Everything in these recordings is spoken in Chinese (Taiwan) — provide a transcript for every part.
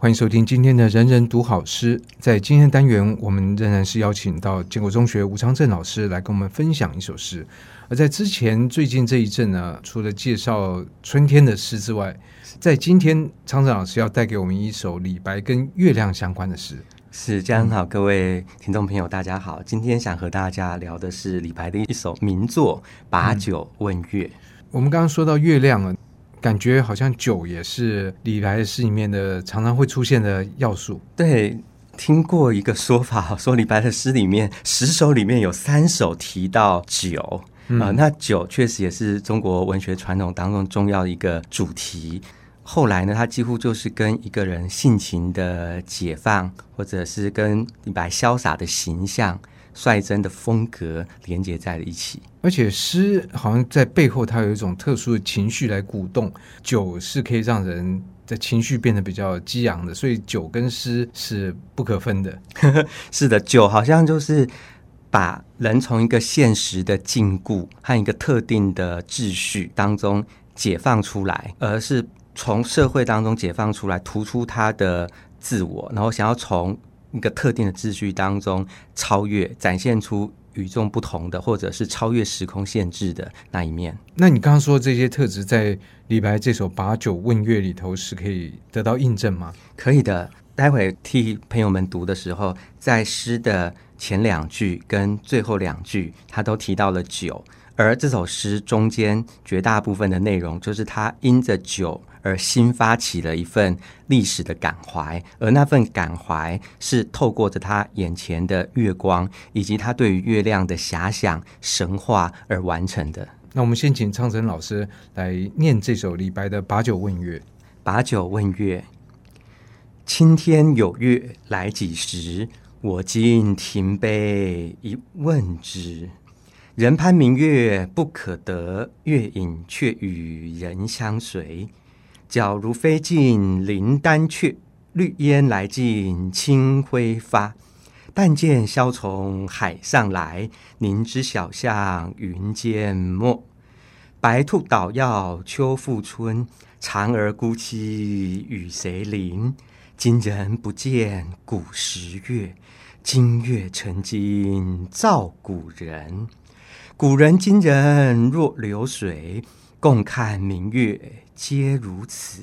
歡迎收聽今天的《人人讀好詩》。在今天的單元，我們仍然是邀請到建國中學吳昌政老師來跟我們分享一首詩。而在之前最近這一陣呢，除了介紹春天的詩之外，在今天，昌政老師要帶給我們一首李白跟月亮相關的詩。是，這樣好，嗯，各位聽眾朋友，大家好。今天想和大家聊的是李白的一首名作《把酒問月》。嗯、我們剛剛說到月亮感覺好像酒也是李白的詩裡面的常常會出現的要素。對，聽過一個說法，說李白的詩裡面十首裡面有三首提到酒啊、嗯呃。那酒確實也是中國文學傳統當中重要一個主題。後來呢，他幾乎就是跟一個人性情的解放，或者是跟李白瀟灑的形象。率真的風格連接在了一起，而且詩好像在背後，它有一種特殊的情緒來鼓動。酒是可以讓人的情緒變得比較激昂的，所以酒跟詩是不可分的。 是的，酒好像就是把人從一個現實的禁錮和一個特定的秩序當中解放出來，而是從社會當中解放出來，突出他的自我，然後想要從。一個特定的秩序當中超越，展現出與眾不同的，或者是超越時空限制的那一面。那你剛剛說的這些特質，在李白這首《把酒問月》裡頭是可以得到印證嗎？可以的。待會替朋友們讀的時候，在詩的前兩句跟最後兩句，他都提到了酒，而這首詩中間絕大部分的內容，就是他因着酒。而興發起了一份歷史的感懷，而那份感懷是透過着他眼前的月光，以及他對於月亮的遐想、神話而完成的。那我們先請昌政老師來唸這首李白的《把酒問月》：“把酒問月，青天有月來幾時？我今停杯一問之。人攀明月不可得，月行卻與人相隨。”皎如飛鏡臨丹闕，綠煙來盡清輝發。但見宵從海上來，寧知曉向雲間沒。白兔搗藥秋復春，嫦娥孤棲與誰鄰？今人不見古時月，今月曾經照古人。古人今人若流水，共看明月，皆如此，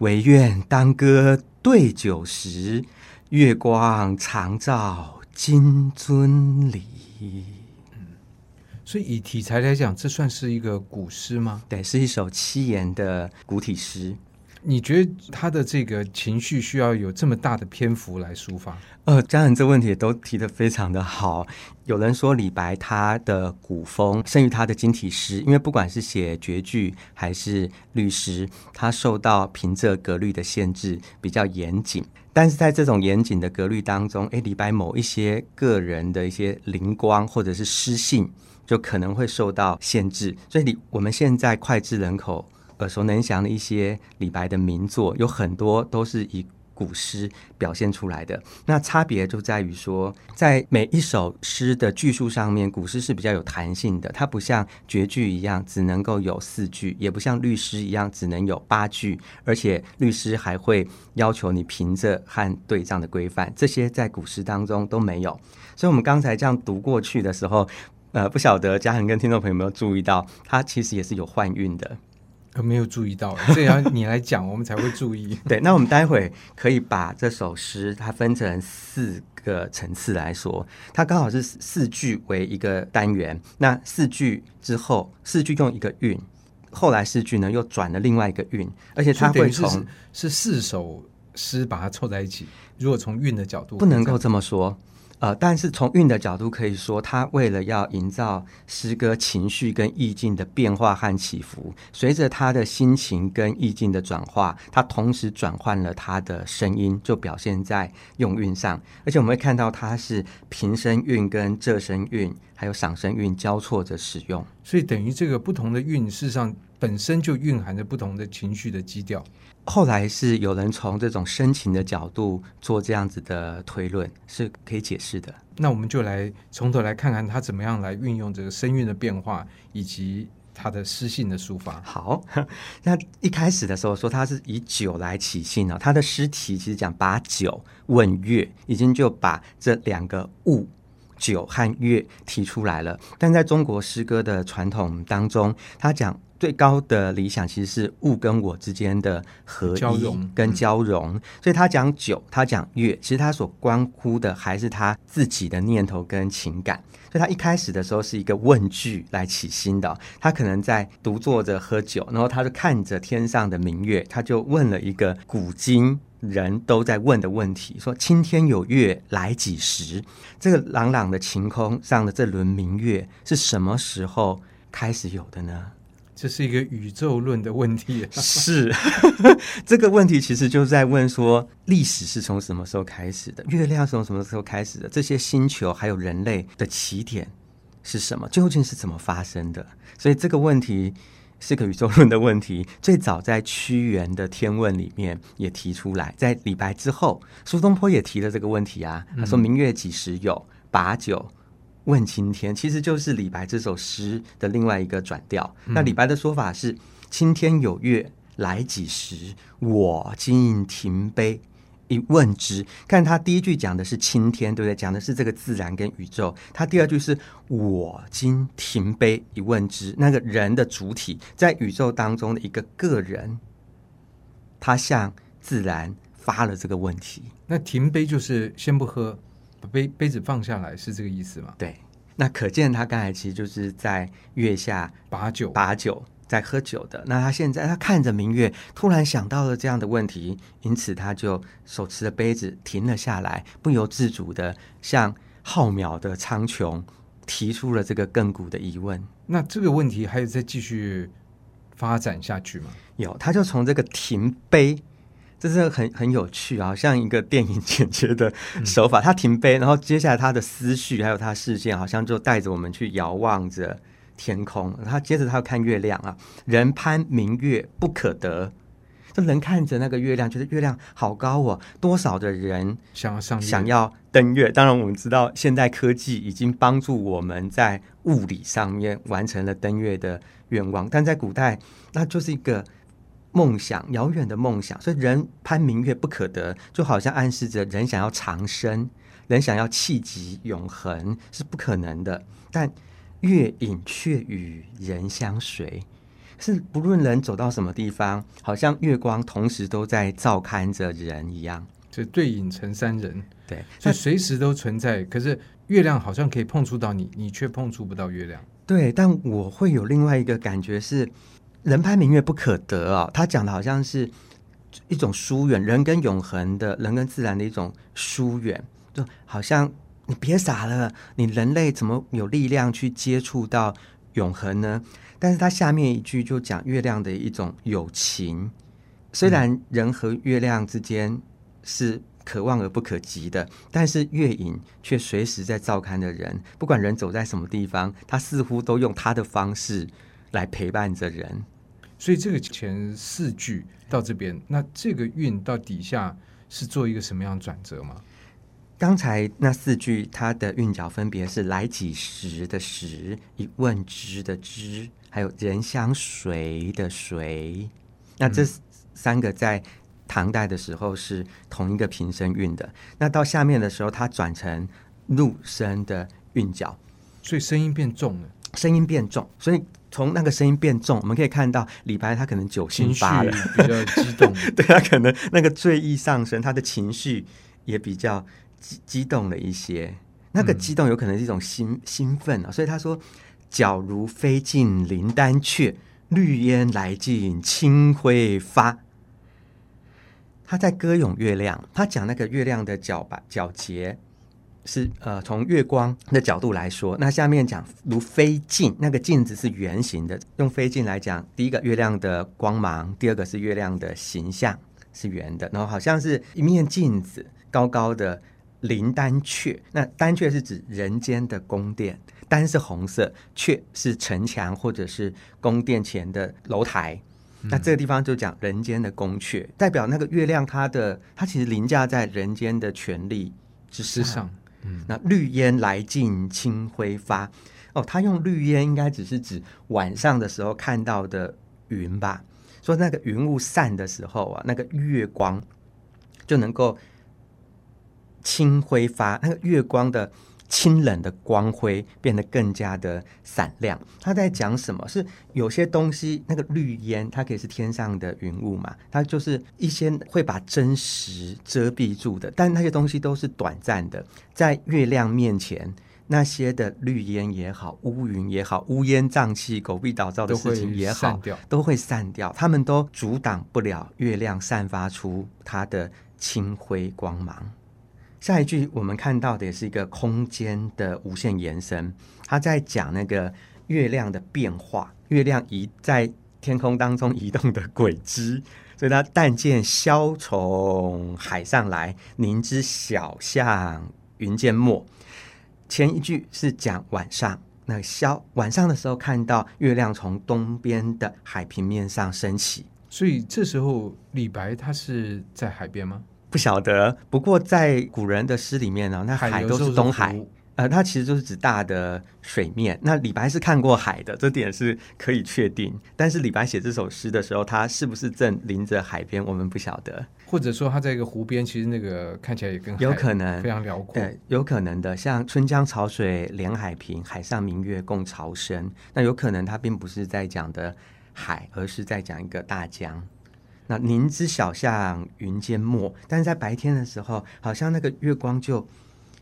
唯願當歌對酒時，月光長照金樽裏。嗯，所以以體裁來講，這算是一個古詩嗎？對，是一首七言的古體詩。你覺得他的這個情緒需要有這麼大的篇幅來抒發？呃，嘉恆，這問題也都提得非常的好。有人說李白他的古風勝於他的近體詩，因為不管是寫絕句還是律詩，他受到平仄格律的限制比較嚴謹。但是在這種嚴謹的格律當中，誒，李白某一些個人的一些靈光或者是詩性，就可能會受到限制。所以你我們現在膾炙人口，耳熟能詳的一些李白的名作，有很多都是以古詩表現出來的。那差別就在於說，在每一首詩的句數上面，古詩是比較有彈性的。它不像絕句一樣只能夠有四句，也不像律詩一樣只能有八句，而且律詩還會要求你平仄和對仗的規範，這些在古詩當中都沒有。所以，我們剛才這樣讀過去的時候，呃，不曉得嘉恆跟聽眾朋友們有沒有注意到，它其實也是有換韻的。可沒有注意到，所以要你來講， 我們才會注意。對，那我們待會可以把這首詩它分成四個層次來說，它剛好是四句為一個單元。那四句之後，四句用一個韻，後來四句呢又轉了另外一個韻，而且它會從，所以等於是，是四首詩把它湊在一起。如果從韻的角度，不能夠這麼說。呃，但是從韻的角度可以說，他為了要營造詩歌情緒跟意境的變化和起伏，隨着他的心情跟意境的轉化，他同時轉換了他的聲音，就表現在用韻上。而且我們會看到，他是平聲韻、跟仄聲韻還有上聲韻交錯着使用，所以等於這個不同的韻，事實上本身就蘊含着不同的情緒的基調。後來是有人從這種深情的角度做這樣子的推論，是可以解釋的。那我們就來從頭來看看他怎麼樣來運用這個聲韻的變化以及他的詩性的抒發。好，那一開始的時候說他是以酒來起興了哦，他的詩題其實講“把酒問月”，已經就把這兩個物——酒和月提出來了。但在中國詩歌的傳統當中，他講。最高的理想其實是物跟我之間的合一，跟交融，交融、嗯。所以他講酒，他講月，其實他所關乎的還是他自己的念頭跟情感。所以他一開始的時候是一個問句來起興的。他可能在獨坐着喝酒，然後他就看着天上的明月，他就問了一個古今人都在問的問題：說，青天有月來幾時？這個朗朗的晴空上的這輪明月是什麼時候開始有的呢？這是一個宇宙論的問題。是， 這個問題其實就是在問說，歷史是從什麼時候開始的？月亮是從什麼時候開始的？這些星球還有人類的起點是什麼？究竟是怎麼發生的？所以這個問題是個宇宙論的問題。最早在屈原的《天問》裡面也提出來，在李白之後，蘇東坡也提了這個問題啊。他說明月幾時有，把酒。問青天，其實就是李白這首詩的另外一個轉調。嗯、那李白的說法是：青天有月來幾時？我今停杯一問之。看他第一句講的是青天，對不對？講的是這個自然跟宇宙。他第二句是：我今停杯一問之。那個人的主體在宇宙當中的一個個人，他向自然發了這個問題。那停杯就是先不喝。杯杯子放下來，是這個意思嗎？對，那可見他剛才其實就是在月下把酒把酒在喝酒的。那他現在他看着明月，突然想到了這樣的問題，因此他就手持著杯子停了下來，不由自主地向浩渺的蒼穹提出了這個亘古的疑問。那這個問題還有再繼續發展下去嗎？有，他就從這個停杯。這是很很有趣，啊，像一個電影剪接的手法。他、嗯、停杯，然後接下來他的思緒還有他的視線，好像就帶着我們去遙望着天空。然後接着他要看月亮啊，人攀明月不可得。這人看着那個月亮，覺得月亮好高哦。多少的人想要上想要登月？當然，我們知道現代科技已經幫助我們在物理上面完成了登月的願望，但在古代那就是一個。夢想，遙遠的夢想，所以人攀明月不可得，就好像暗示着人想要長生，人想要企及永恆是不可能的。但月影卻與人相隨，是不論人走到什麼地方，好像月光同時都在照看着人一樣，就對影成三人。對，所以隨時都存在。可是月亮好像可以碰觸到你，你卻碰觸不到月亮。對，但我會有另外一個感覺是。人攀明月不可得哦，他講的好像是，一種疏遠，人跟永恆的，人跟自然的一種疏遠，就好像你別傻了，你人類怎麼有力量去接觸到永恆呢？但是他下面一句就講月亮的一種友情，雖然人和月亮之間是可望而不可及的，嗯、但是月影卻隨時在照看的人，不管人走在什麼地方，他似乎都用他的方式。來陪伴着人，所以這個前四句到這邊，那這個韻到底下是做一個什麼樣的轉折嗎？剛才那四句它的韻腳分別是“來幾時”的“時”、“一問之”的“之”、還有“人相隨”的“隨”。那這三個在唐代的時候是同一個平聲韻的，那到下面的時候，它轉成入聲的韻腳，所以聲音變重了，聲音變重，所以。從那個聲音變重，我們可以看到李白他可能酒興發了，比較激動， 對、啊，他可能那個醉意上升，他的情緒也比較激激動了一些。那個激動有可能是一種興、嗯、興奮啊，所以他說：“皎如飛鏡臨丹闕，綠煙滅盡清輝發。”他在歌詠月亮，他講那個月亮的皎白皎潔。是呃，從月光的角度來說，那下面講如飛鏡，那個鏡子是圓形的。用飛鏡來講，第一個月亮的光芒，第二個是月亮的形象是圓的，然後好像是一面鏡子。高高的臨丹闕。那丹闕是指人間的宮殿，丹是紅色，闕是城牆或者是宮殿前的樓台。嗯、那這個地方就講人間的宮闕，代表那個月亮，它的它其實凌駕在人間的權力之上。嗯那綠煙滅盡清輝發，哦，他用綠煙應該只是指晚上的時候看到的雲吧？說那個雲霧散的時候啊，那個月光就能夠清輝發，那個月光的。清冷的光輝變得更加的閃亮。他在講什麼？是有些東西，那個綠煙，它可以是天上的雲霧嘛？它就是一些會把真實遮蔽住的，但那些東西都是短暫的。在月亮面前，那些的綠煙也好，烏雲也好，烏煙瘴氣、狗屁倒灶的事情也好，都會散掉，都會散掉。它們都阻擋不了月亮散發出它的清輝光芒。下一句，我們看到的也是一個空間的無限延伸，他在講那個月亮的變化，月亮移在天空當中移動的軌跡，所以他，但見宵從海上來，寧知曉向雲間沒。前一句是講晚上，那宵晚上的時候看到月亮從東邊的海平面上升起，所以這時候李白他是在海邊嗎？不曉得。不過在古人的詩裡面呢，那海都是東海，海，呃，它其實就是指大的水面。那李白是看過海的，這點是可以確定。但是李白寫這首詩的時候，他是不是正臨着海邊，我們不曉得。或者說他在一個湖邊，其實那個看起來也更有可能非常遼闊。對，有可能的。像“春江潮水連海平，海上明月共潮生”，那有可能他並不是在講的海，而是在講一個大江。那寧知曉向雲間沒。但是在白天的時候，好像那個月光就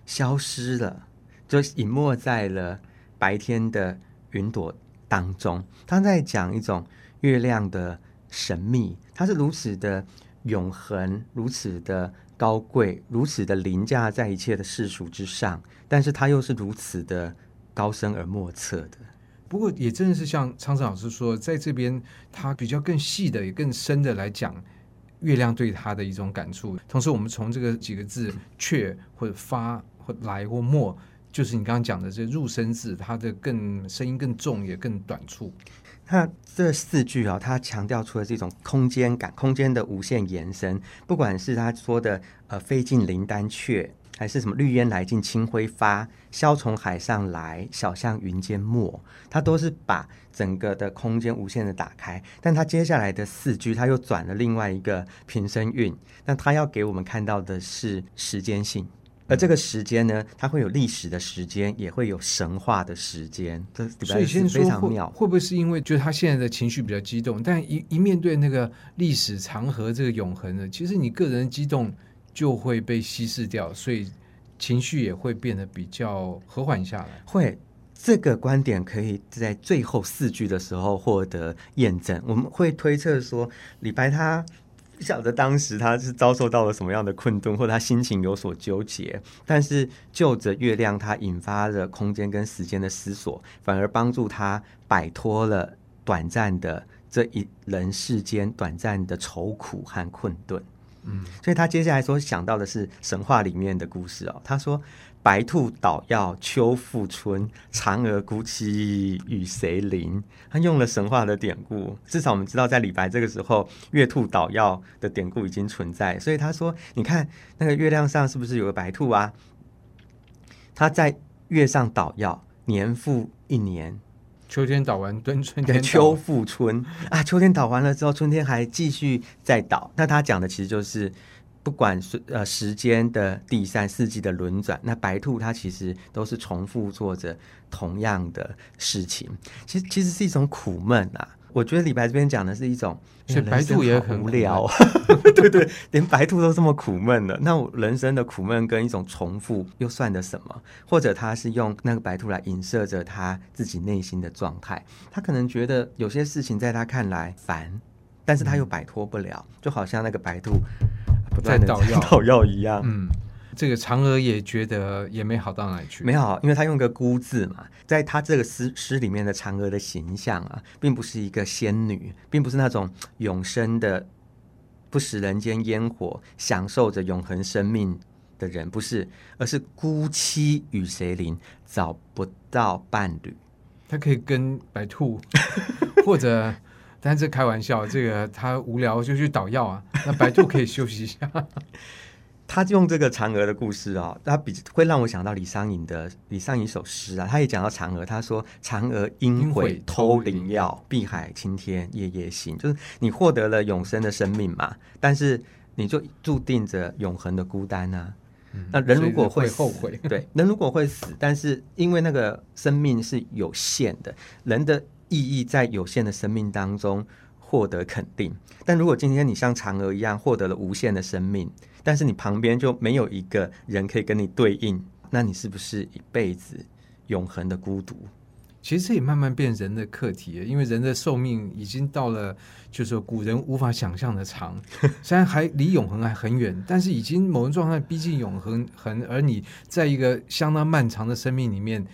消失了，就隱沒在了白天的雲朵當中。他在講一種月亮的神秘，它是如此的永恆，如此的高貴，如此的凌駕在一切的世俗之上，但是它又是如此的高深而莫測的。不過也真的是像昌政老師說，在這邊他比較更細的，也更深的來講，月亮對他的一種感觸。同時，我們從這個幾個字“卻”或者“發”或“來”或“沒”，就是你剛剛講的這入聲字，它的更聲音更重，也更短促。那這四句啊，它強調出了這種空間感，空間的無限延伸。不管是他說的呃飛鏡臨丹闕，還是什麼綠煙來盡清輝發，宵從海上來，曉向雲間沒。他都是把整個的空間無限的打開，但他接下來的四句，他又轉了另外一個平聲韻。那他要給我們看到的是時間性，而這個時間呢，它會有歷史的時間，也會有神話的時間。所以先說會，會不會是因為就是他現在的情緒比較激動，但一一面對那個歷史長河這個永恆呢？其實你個人的激動。就會被稀釋掉，所以情緒也會變得比較和緩下來。會，這個觀點可以在最後四句的時候獲得驗證。我們會推測說，李白他不曉得當時他是遭受到了什麼樣的困頓，或他心情有所糾結，但是就着月亮，他引發了空間跟時間的思索，反而幫助他擺脫了短暫的這一人世間短暫的愁苦和困頓。嗯，所以他接下來說想到的是神話裡面的故事哦。他說：“白兔搗藥秋復春，嫦娥孤棲與誰鄰？”他用了神話的典故，至少我們知道在李白這個時候，月兔搗藥的典故已經存在。所以他說：“你看那個月亮上是不是有個白兔啊？他在月上搗藥，年復一年。”秋天搗完，搗春天秋復春啊，秋天搗完了之後，春天還繼續在搗。那他講的其實就是，不管是呃時間的第三四季的輪轉，那白兔它其實都是重複做着同樣的事情。其實其實是一種苦悶啊。我覺得李白這邊講的是一種，其實白兔也很無聊， 對，對對，連白兔都這麼苦悶了，那人生的苦悶跟一種重複又算得什麼？或者他是用那個白兔來影射着他自己內心的狀態？他可能覺得有些事情在他看來煩，但是他又擺脫不了，就好像那個白兔不斷的搗藥， 搗藥一樣，嗯。這個嫦娥也覺得也沒好到哪去，沒有，因為他用個孤字嘛，在他這個詩詩裡面的嫦娥的形象啊，並不是一個仙女，並不是那種永生的不食人間煙火、享受着永恆生命的人，不是，而是孤棲與誰鄰，找不到伴侶。他可以跟白兔， 或者，但是開玩笑，這個他無聊就去搗藥啊，那白兔可以休息一下。 他用這個嫦娥的故事哦，他比會讓我想到李商隱的李商隱一首詩啊，他也講到嫦娥，他說嫦娥應悔偷靈藥，碧海青天夜夜心，就是你獲得了永生的生命嘛，但是你就注定着永恆的孤單啊。嗯，那人如果會，會後悔，對，人如果會死，但是因為那個生命是有限的，人的意義在有限的生命當中。獲得肯定，但如果今天你像嫦娥一樣獲得了無限的生命，但是你旁邊就沒有一個人可以跟你對應，那你是不是一輩子永恆的孤獨？其實這也慢慢變人的課題，因為人的壽命已經到了，就是古人無法想象的長，雖然還離永恆還很遠， 但是已經某種狀態逼近永恆，恆而你在一個相當漫長的生命裡面。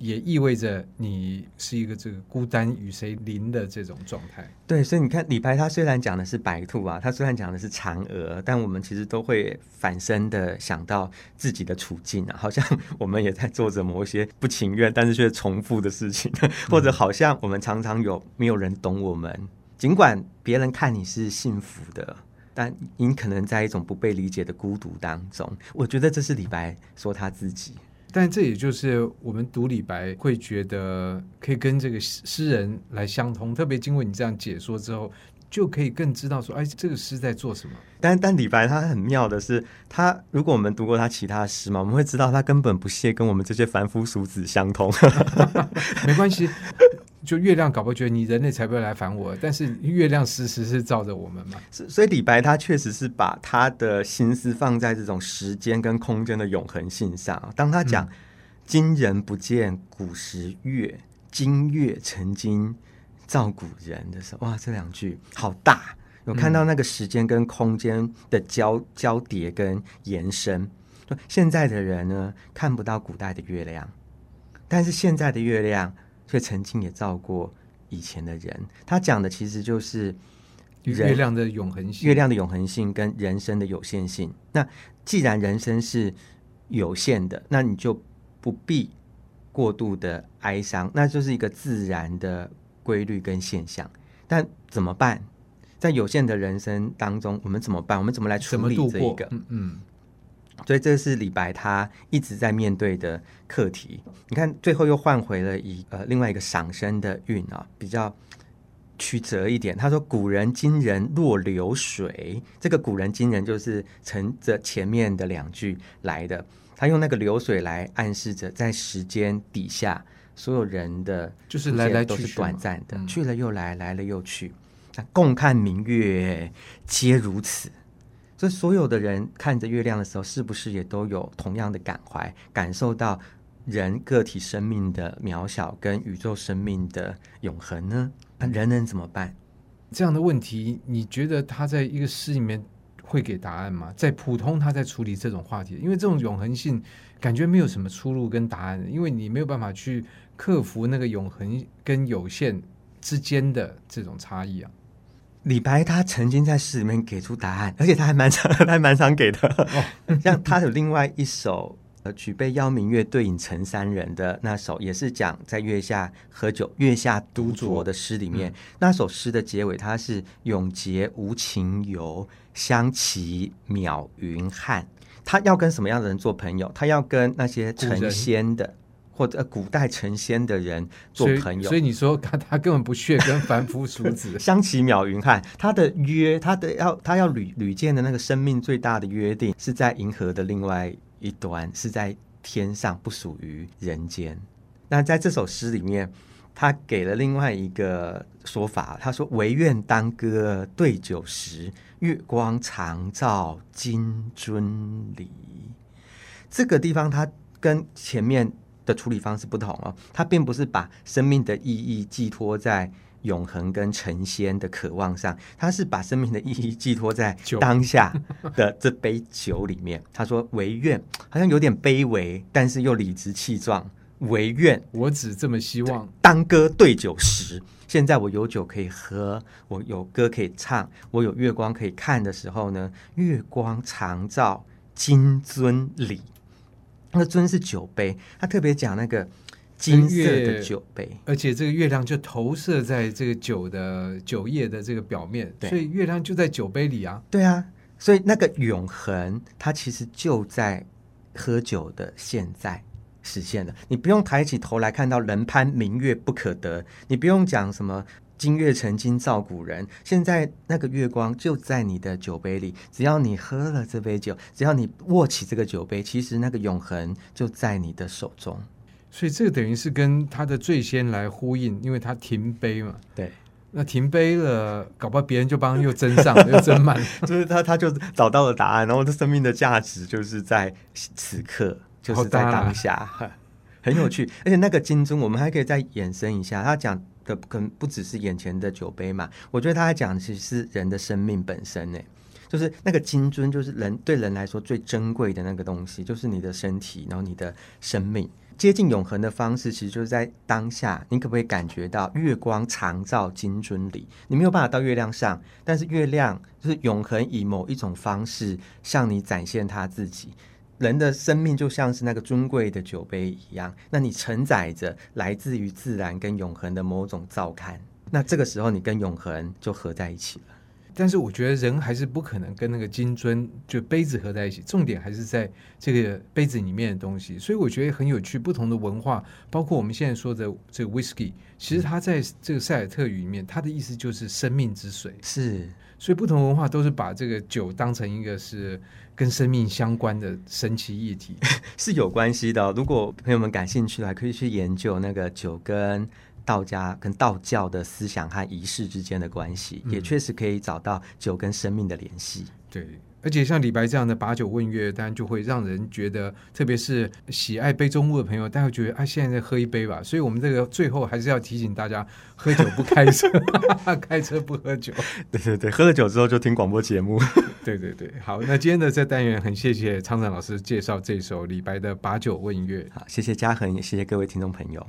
也意味着你是一個這個孤單與誰鄰的這種狀態。對，所以你看，李白他雖然講的是白兔啊，他雖然講的是嫦娥，但我們其實都會反身的想到自己的處境啊，好像我們也在做着某些不情願，但是卻重複的事情。嗯，或者好像我們常常有沒有人懂我們，儘管別人看你是幸福的，但你可能在一種不被理解的孤獨當中。我覺得這是李白說他自己。但這也就是我們讀李白會覺得可以跟這個詩人來相通，特別經過你這樣解說之後，就可以更知道說，哎，這個詩在做什麼。但但李白他很妙的是，他如果我們讀過他其他的詩嘛，我們會知道他根本不屑跟我們這些凡夫俗子相通。 沒關係。就月亮搞不覺得你人類，才不會來煩我，但是月亮時時是照着我們嘛。所以李白他確實是把他的心思放在這種時間跟空間的永恆性上。當他講、嗯“今人不見古時月，今月曾經照古人”的時候，哇，這兩句好大，有看到那個時間跟空間的交交疊跟延伸、嗯。現在的人呢，看不到古代的月亮，但是現在的月亮。卻曾經也照過以前的人。他講的其實就是月亮的永恆性，月亮的永恆性跟人生的有限性。那既然人生是有限的，那你就不必過度的哀傷，那就是一個自然的規律跟現象。但怎麼辦？在有限的人生當中，我們怎麼辦？我們怎麼來處理這一個？嗯嗯。嗯所以這是李白他一直在面對的課題。你看最後又換回了一呃另外一個上聲的韻啊、哦，比較曲折一點。他說：“古人今人若流水。”這個“古人今人”就是承著前面的兩句來的。他用那個流水來暗示着，在時間底下所有人的，是的就是來來去去都是短暫的，去了又來，來了又去。那共看明月，皆如此。這所有的人看着月亮的時候，是不是也都有同樣的感懷，感受到人個體生命的渺小跟宇宙生命的永恆呢？人能怎麼辦？這樣的問題，你覺得他在一個詩裡面會給答案嗎？在普通他在處理這種話題，因為這種永恆性感覺沒有什麼出路跟答案，因為你沒有辦法去克服那個永恆跟有限之間的這種差異啊。李白他曾經在詩裡面給出答案，而且他還蠻常，他還蠻常給的、哦嗯。像他的另外一首，呃，舉杯邀明月，對影成三人的那首，也是講在月下喝酒、月下獨酌的詩裡面、嗯。那首詩的結尾，他是“永結無情遊，相期邈雲漢”。他要跟什麼樣的人做朋友？他要跟那些成仙的。或者古代成仙的人做朋友，所以，所以你說他他根本不屑跟凡夫俗子相 期邈雲漢。他的約，他的要他要屢屢見的那個生命最大的約定，是在銀河的另外一端，是在天上，不屬於人間。那在這首詩裡面，他給了另外一個說法，他說：“唯願當歌對酒時，月光長照金樽裏。”這個地方，他跟前面。的處理方式不同哦，他並不是把生命的意義寄託在永恆跟成仙的渴望上，他是把生命的意義寄託在當下的這杯酒裡面。他說：“唯願，好像有點卑微，但是又理直氣壯。唯願我只這麼希望，當歌對酒時，現在我有酒可以喝，我有歌可以唱，我有月光可以看的時候呢，月光長照金樽裡。”那個樽，是酒杯，他特別講那個金色的酒杯，而且這個月亮就投射在這個酒的酒液的這個表面，對，所以月亮就在酒杯裡啊。對啊，所以那個永恆，它其實就在喝酒的現在實現了。你不用抬起頭來看到“人攀明月不可得”，你不用講什麼。今月曾經照古人，現在那個月光就在你的酒杯裡。只要你喝了這杯酒，只要你握起這個酒杯，其實那個永恆就在你的手中。所以這個等於是跟他的醉仙來呼應，因為他停杯嘛。對，那停杯了，搞不好別人就幫他又斟上了 又斟滿，就是他他就找到了答案。然後這生命的價值就是在此刻，就是在當下，啊、 很有趣。而且那個金樽，我們還可以再延伸一下，他講。可能不，不只是眼前的酒杯嘛？我覺得他在講，其實是人的生命本身，欸，哎，就是那個金樽，就是人對人來說最珍貴的那個東西，就是你的身體，然後你的生命。接近永恆的方式，其實就是在當下。你可不可以感覺到月光長照金樽裡？你沒有辦法到月亮上，但是月亮就是永恆，以某一種方式向你展現他自己。人的生命就像是那個尊貴的酒杯一樣，那你承載着來自於自然跟永恆的某種照看，那這個時候你跟永恆就合在一起了。但是我覺得人還是不可能跟那個金樽，就杯子合在一起。重點還是在這個杯子裡面的東西。所以我覺得很有趣，不同的文化，包括我們現在說的這個 whiskey，其實它在這個塞爾特語裡面，它的意思就是生命之水。是，所以不同文化都是把這個酒當成一個是跟生命相關的神奇液體，是有關係的哦。如果朋友們感興趣的，還可以去研究那個酒跟。道家跟道教的思想和儀式之間的關係，也確實可以找到酒跟生命的聯繫。嗯、對，而且像李白這樣的“把酒問月”，當然就會讓人覺得，特別是喜愛杯中物的朋友，大家會覺得啊，現在再喝一杯吧。所以，我們這個最後還是要提醒大家：喝酒不開車， 開車不喝酒。對對對，喝了酒之後就聽廣播節目。對對對，好。那今天的這單元，很謝謝昌政老師介紹這首李白的《把酒問月》。好，謝謝嘉恆，也謝謝各位聽眾朋友。